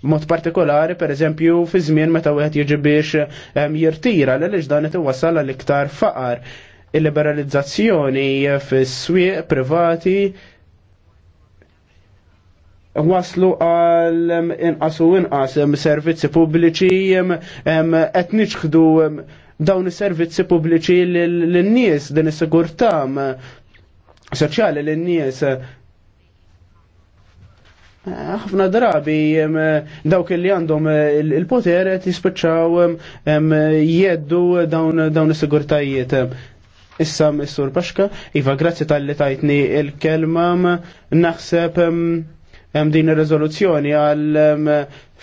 mod partikolari, per eżempju, fi żmien meta wieħed jiġi biex jirtira l dan it iwassal għal iktar faqar il-liberalizzazzjoni fis-swieq privati waslu għal inqasu inqas servizzi pubbliċi qed niċħdu dawn is-servizzi pubbliċi lin-nies din is-sigurtà soċjali lin-nies ħafna drabi dawk li għandhom il-poter jispiċċaw jeddu dawn is-sigurtajiet. Issa Missur Paxka, Iva, grazzi tal-li tajtni il-kelma naħseb hemm din ir-riżoluzzjoni għal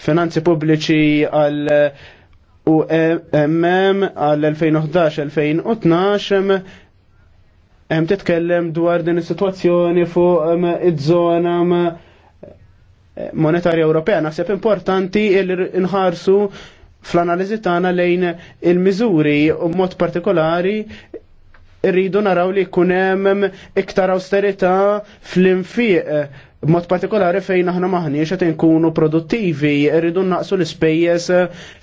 finanzi pubbliċi għal u MM għal 2011-2012 hemm titkellem dwar din is-sitwazzjoni fuq iż-żona monetarja Ewropea. Naħseb importanti li nħarsu fl-analiżi tagħna lejn il-miżuri u mod partikolari irridu naraw li jkun hemm iktar austerità fl-infiq Mod partikolari fejn aħna maħniex qed inkunu produttivi, irridu naqsu l-ispejjeż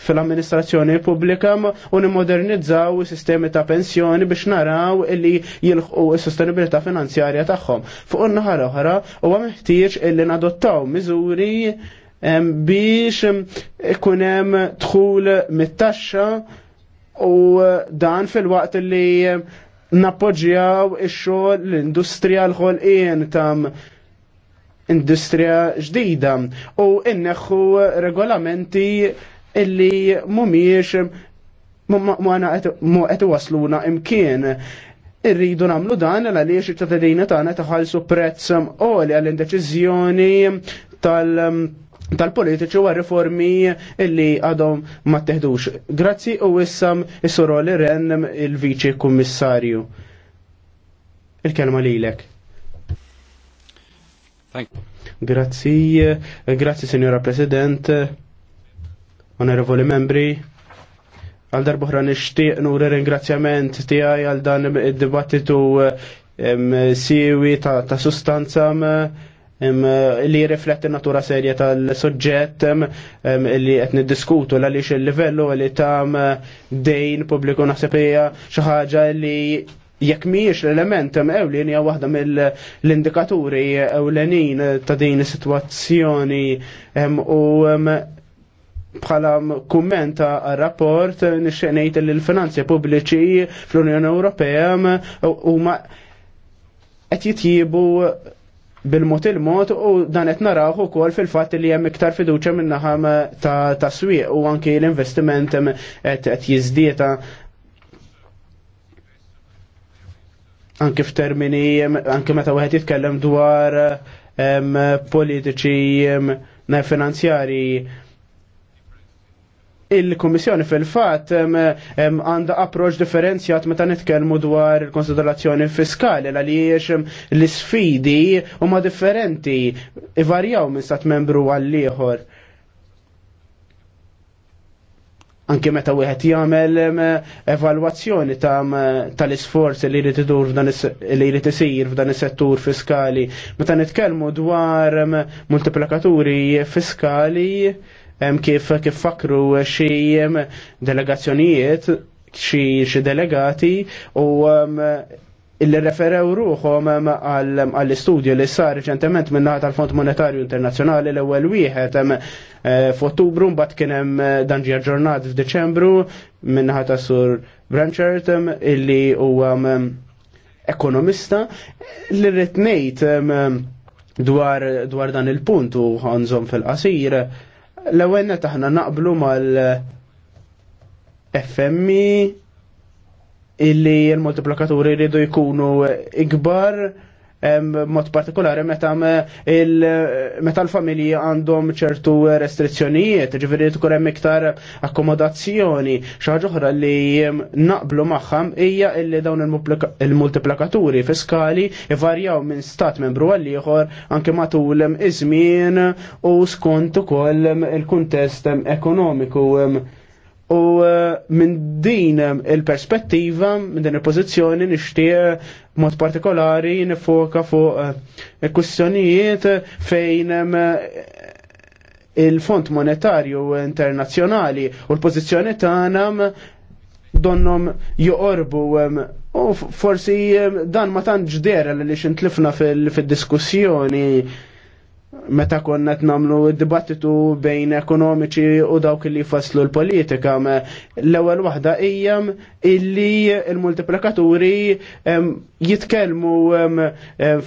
fil-amministrazzjoni pubblika u nimmodernizzaw is-sistemi ta' pensjoni biex naraw illi jilħqu s-sostenibilità finanzjarja tagħhom. Fuq in-naħa l-oħra huwa meħtieġ illi nadottaw miżuri biex ikun hemm dħul mit-taxxa u dan fil-waqt li nappoġġjaw ix-xogħol l-industrija l-ħolqien tam industrija ġdida u inneħħu regolamenti illi mumiex mu qed wasluna imkien. Irridu namlu dan għaliex iċ-ċittadini tagħna taħallsu prezz għoli għall-indeċiżjoni tal- tal-politiċi u reformi illi għadhom ma teħdux. Grazzi u wissam is-soro li rennem il-viċi kummissarju. Il-kelma lilek. Grazzi, grazzi Signora President, onorevoli membri, għal darbohra nishtiq nuri ringrazzjament tijaj għal dan id-dibattitu siwi ta', ta sustanza li jirrifletti natura serja tal-soġġett li qed niddiskutu għaliex il-livellu li ta' eh, dejn pubbliku naħseb hija xi ħaġa li jekk mhijiex l-element hemm ewlien hija waħda mill-indikaturi ewlenin ta' din is-sitwazzjoni u bħala kumment għal-rapport nixxenejt li l-finanzi pubbliċi fl-Unjoni Ewropea huma qed jitjibu bil-mot il-mot u dan qed naraw ukoll fil-fatt li hemm iktar fiduċja min-naħa ta' taswieq u anke l-investiment qed jiżdieta anke f'termini anke meta wieħed jitkellem dwar politiċi finanzjari il-Kummissjoni fil-fatt għandha approċ differenzjat meta nitkellmu dwar il-konsiderazzjoni fiskali għaliex l-sfidi huma differenti ivarjaw minn stat membru għal ieħor. Anke meta wieħed jagħmel evalwazzjoni tal-isforz li jrid idur li jrid isir f'dan is-settur fiskali. Meta nitkellmu dwar multiplikaturi fiskali kif kif fakru xi delegazzjonijiet xi xi delegati u illi referew ruħom għall-istudju li sar reċentement minn naħat tal-Fond Monetarju Internazzjonali l-ewwel wieħed eh, f'Ottubru mbagħad kien hemm eh, dan ġie ġurnat f'Diċembru minn naħat tas-sur Branchard illi huwa ekonomista li rrid ngħid dwar dan il-punt u ħonżhom fil-qasir. L-ewwel taħna naqblu mal-FMI illi l-multiplikaturi jridu jkunu ikbar mod partikolari meta meta l-familji għandhom ċertu restrizzjonijiet, ġifieri tkun hemm iktar akkomodazzjoni. Xi ħaġa oħra li naqblu magħhom hija li dawn il-multiplikaturi fiskali ivarjaw minn stat membru għal ieħor anke matul iż-żmien u skont ukoll il-kuntest ekonomiku U eh, minn din eh, il-perspettiva, minn din il-pozizjoni nixtieq eh, mod partikolari nifoka fuq kussjonijiet fejn il-Fond Monetarju Internazzjonali u l-pożizzjoni tagħna donnom joqorbu u forsi dan ma tantx dera li xintlifna fil-diskussjoni fil diskussjoni meta konna qed nagħmlu dibattitu bejn ekonomiċi u dawk li jfasslu l-politika. L-ewwel waħda hija illi l-multiplikaturi jitkellmu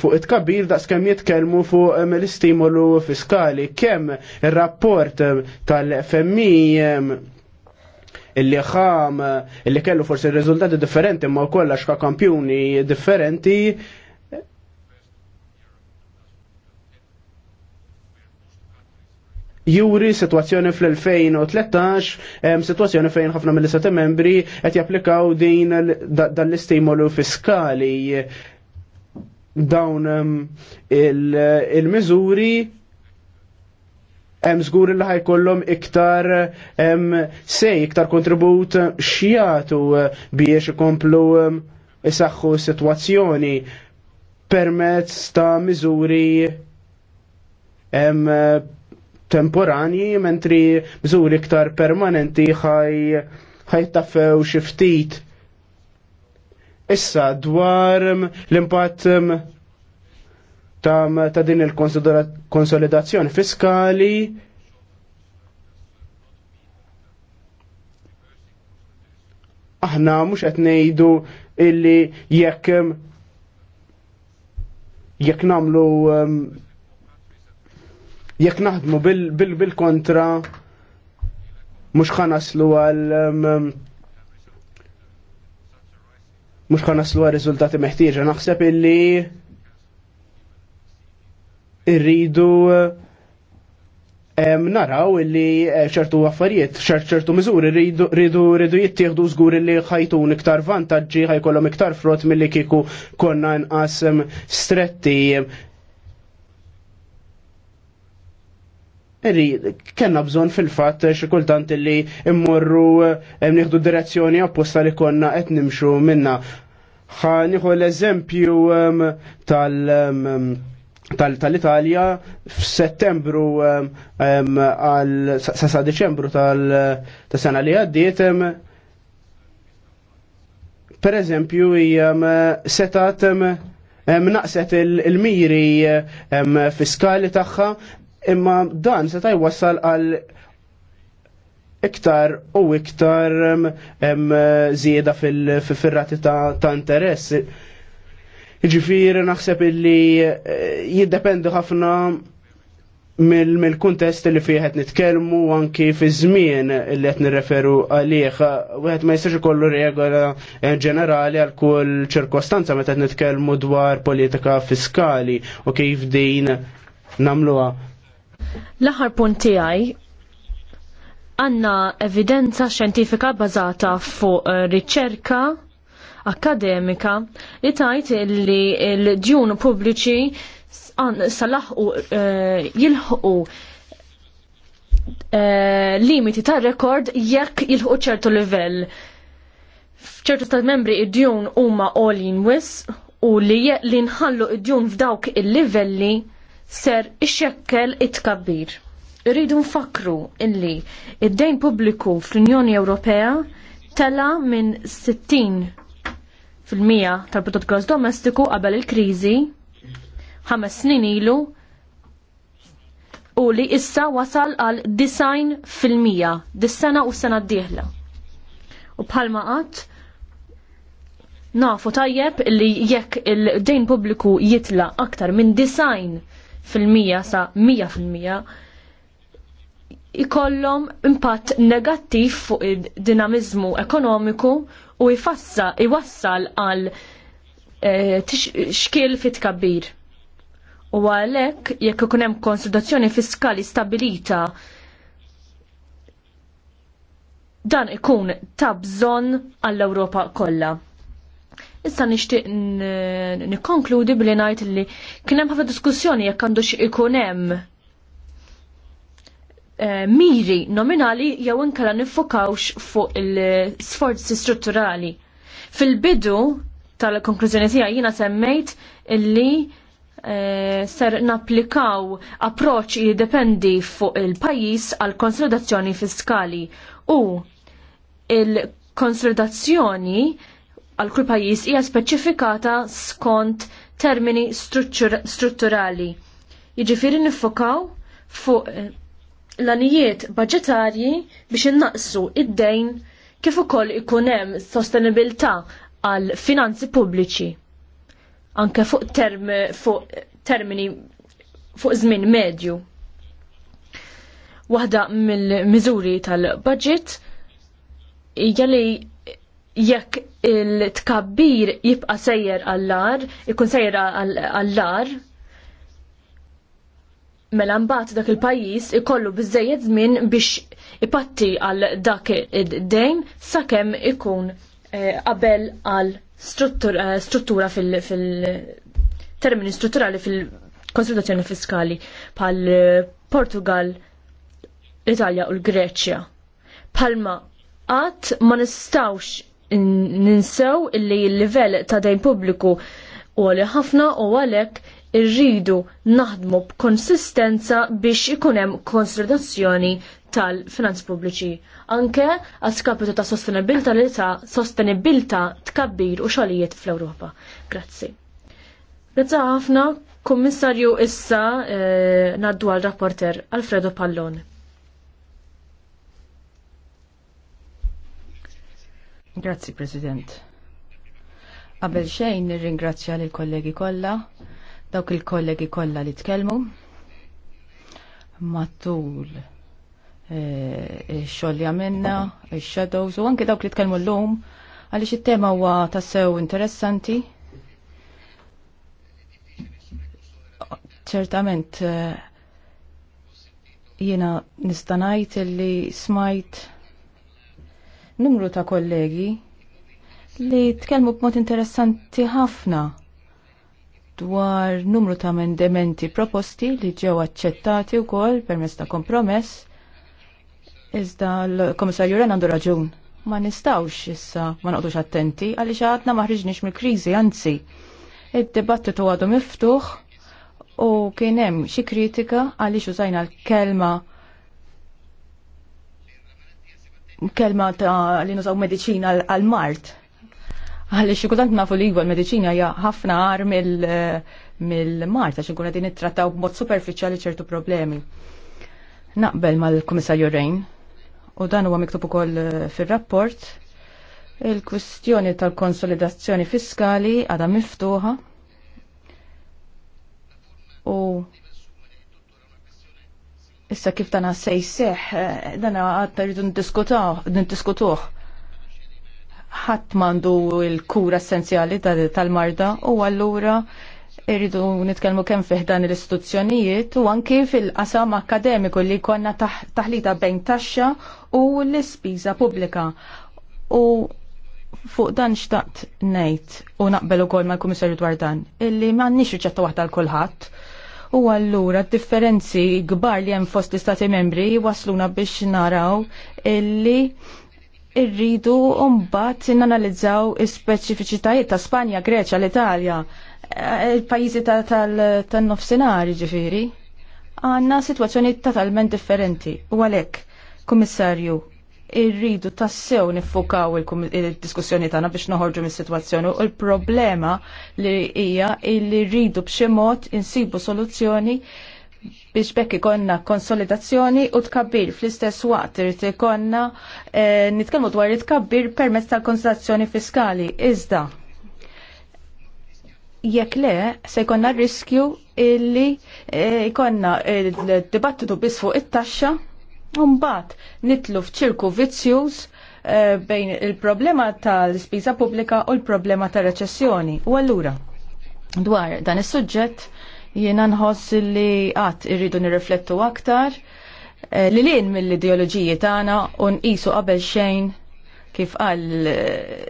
fuq it-kabir daqskemm jitkellmu fuq l-istimolu fiskali. Kemm ir-rapport tal-FMI illi ħam, illi kellu forsi riżultati differenti ma' kolla xka' kampjuni differenti, juri situazzjoni fl-2013, situazzjoni fejn ħafna mill-istati membri qed japplikaw din dal-istimolu fiskali dawn il-miżuri hemm żgur li ħajkollhom iktar sej, iktar kontribut xjatu eh, biex ikomplu isaħħu situazzjoni permezz ta' miżuri temporani, mentri bżur iktar permanenti ħaj ħajtaffew xi ftit. Issa dwar mm, l-impatt mm, ta', ta din il-konsolidazzjoni fiskali aħna mhux qed ngħidu illi jekk mm, jekk nagħmlu jekk naħdmu bil-kontra mux ħanaslu għal mux um, um, ħanaslu għal riżultati meħtieġa. Naħseb illi irridu um, naraw illi eh, ċertu affarijiet, ċertu miżuri rridu rridu jittieħdu żgur illi ħajtun iktar vantaġġi ħajkollhom iktar frott milli kieku konna nqasem stretti Eri, kena bżon fil-fat xikultant li immorru eh, nieħdu direzzjoni apposta li konna qed nimxu minna. Ħaniħu l-eżempju ehm, ehm, tal- tal-Italja f'Settembru ehm, għal sa Deċembru tal-sena li għaddiet per eżempju setat naqset il-miri fiskali tagħha imma dan ta' jwassal għal iktar u iktar zieda fil-rati ta' interess. Ġifir naħseb illi eh, jiddependi ħafna mill-kuntest li fih qed nitkellmu anki fi żmien li qed nirreferu għalih. Wieħed ma jistax ikollu regola eh, ġenerali għal kull ċirkostanza meta qed nitkellmu dwar politika fiskali u kif din nagħmluha L-aħħar punt tiegħi għandna evidenza xjentifika bażata fuq eh, riċerka akademika li tajt li l-djun pubbliċi salaħqu eh, jilħqu eh, limiti ta' rekord jekk jilħu ċertu livell. F'ċertu stat membri id-djun huma all in wis u li li nħallu id-djun f'dawk il-livelli ser ixekkel it-kabbir. Rridu nfakru illi id-dejn pubbliku fl-Unjoni Ewropea tela minn 60% tal-prodott gross domestiku qabel il-kriżi ħames snin ilu u li issa wasal għal 90% dis-sena u s-sena d-dieħla. U bħalma qatt nafu tajjeb li jekk il-dejn pubbliku jitla aktar minn design fil-mija sa 100 fil-mija ikollhom impatt negattiv fuq id-dinamizmu ekonomiku u jfassa iwassal għal eh, xkiel fit kabbir. U għalhekk jekk ikun hemm konsultazzjoni fiskali stabilita dan ikun ta' bżonn għall-Ewropa kollha. Issa nixtieq nikkonkludi billi ngħid li kien hemm ħafna diskussjoni jekk għandux ikun hemm eh, miri nominali jew inkella niffokawx fuq il-sforzi strutturali. Fil-bidu tal-konklużjoni tiegħi jiena semmejt illi eh, ser napplikaw approċ jiddependi fuq il-pajjiż għal konsolidazzjoni fiskali u il-konsolidazzjoni għal kull pajjiż hija speċifikata skont termini strutturali. Jiġifieri niffokaw fuq eh, l-anijiet budgetarji biex innaqsu id-dejn kif ukoll ikun hemm sostenibilità għal finanzi pubbliċi. Anke fuq term fuq termini fuq żmien medju. Waħda mill-miżuri tal-budget hija li jekk il-tkabbir jibqa sejjer għallar, ikun sejjer għallar, mela mbagħad dak il-pajjiż ikollu biżejjed żmien biex ipatti għal dak id-dejn sakemm ikun eh, qabel għal eh, struttura fil-termini strutturali fil-konsultazzjoni fiskali pal eh, Portugal, Italja u l-Greċja. Palma għat ma nistawx ninsew illi l-livell ta' dejn pubbliku u għali ħafna u għalek irridu naħdmu b'konsistenza biex ikunem konsolidazzjoni tal-finanz pubbliċi. Anke għaskapitu ta' sostenibilta li ta' sostenibilta tkabbir u xalijiet fl-Europa. Grazzi. Grazzi ħafna, Kummissarju issa eh, naddu għal rapporter Alfredo Pallone. Grazzi, President. Qabel xejn nirringrazzja lill kollegi kollha, dawk il-kollegi kollha li tkellmu matul eh, ix-xogħol li għamilna, ix-shadows u anke dawk li tkellmu llum għaliex it-tema huwa tassew interessanti. Ċertament eh, jiena nista' ngħid illi smajt numru ta' kollegi li tkellmu b'mod interessanti ħafna dwar numru ta' mendementi proposti li ġew aċċettati wkoll permezz ta' kompromess. Iżda l-Komissarju Ren għandu raġun. Ma nistawx issa ma noqdux attenti għaliex għadna ma ħriġniex mill-kriżi, anzi. Id-dibattitu għadu miftuħ u kien hemm xi kritika għaliex użajna l-kelma kelma ta' li nużaw medicina għal-mart. Għalli xikultant nafu li għu l-medicina hija ħafna għar mill-mart, għax nkun għedin nittrattaw b'mod superficiali ċertu problemi. Naqbel mal-Komissarju Rejn, u dan huwa miktub ukoll eh, fir-rapport, il-kwistjoni tal-konsolidazzjoni fiskali għadha miftuħa u Issa kif tana sej seħ, dana eh, għatta rridu n-diskutuħ. Ħadd mandu l-kura essenzjali tal-marda u allura irridu nitkellmu kemm fih dan l-istituzzjonijiet u anki fil-qasam akademiku li konna taħlita bejn taxxa u l-ispiża pubblika. U fuq dan xtaqt ngħid u naqbel ukoll mal-Kummissarju dwar dan illi m'għandniex riċetta waħda l kulħadd U allura differenzi kbar li hemm fost l-Istati membri wasluna biex naraw illi irridu mbagħad nanalizzaw is-speċifiċitajiet ta' Spanja, Greċja, l-Italja, eh, il-pajjiżi tan-nofsinhar ġifieri. Għandna sitwazzjoni totalment differenti. U għalhekk, Kummissarju, irridu tassew nifukaw il-diskussjoni tagħna biex noħorġu mis-sitwazzjoni u l-problema li hija li rridu b'xi mod insibu soluzzjoni biex bekk ikonna konsolidazzjoni u tkabbir fl-istess waqt irid ikonna eh, nitkellmu dwar it-tkabbir permezz tal-konsolidazzjoni fiskali. Iżda jekk le, se r riskju illi eh, ikonna il-dibattitu bis fuq it-taxxa Umbat nitlu f'ċirku vizzjuż eh, bejn il-problema tal ispiża pubblika u l-problema ta' reċessjoni U allura, dwar dan is-suġġett jiena nħoss li qatt irridu nirriflettu aktar e, li lin mill-ideoloġiji tagħna u nqisu qabel xejn kif qal eh,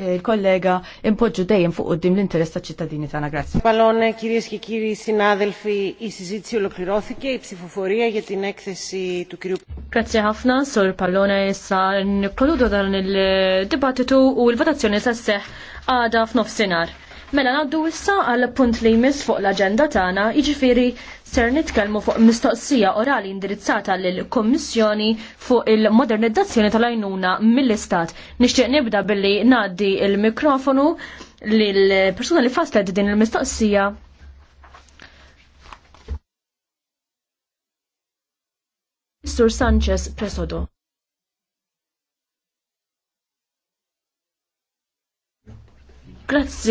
il-kollega impoġġu dejjem fuq qudiem l-interess taċ-ċittadini tagħna grazzi. Παλώνε κυρίες και κύριοι συνάδελφοι, η συζήτηση ολοκληρώθηκε, η psifoforija για την έκθεση tu kiru. Grazzi ħafna, Sor Pallone issa nikkonudu dan il-dibattitu u l-votazzjoni sa seħ għada f'nofsinhar. Mela ngħaddu issa għal punt li jmiss fuq l-aġenda tagħna, jiġifieri ser nitkellmu fuq mistoqsija orali indirizzata lill kommissjoni fuq il-modernizzazzjoni tal-għajnuna mill-Istat. Nixtieq nibda billi ngħaddi il-mikrofonu lill persuna li faslet din il-mistoqsija. Mr. Sanchez Presodo. Grazzi.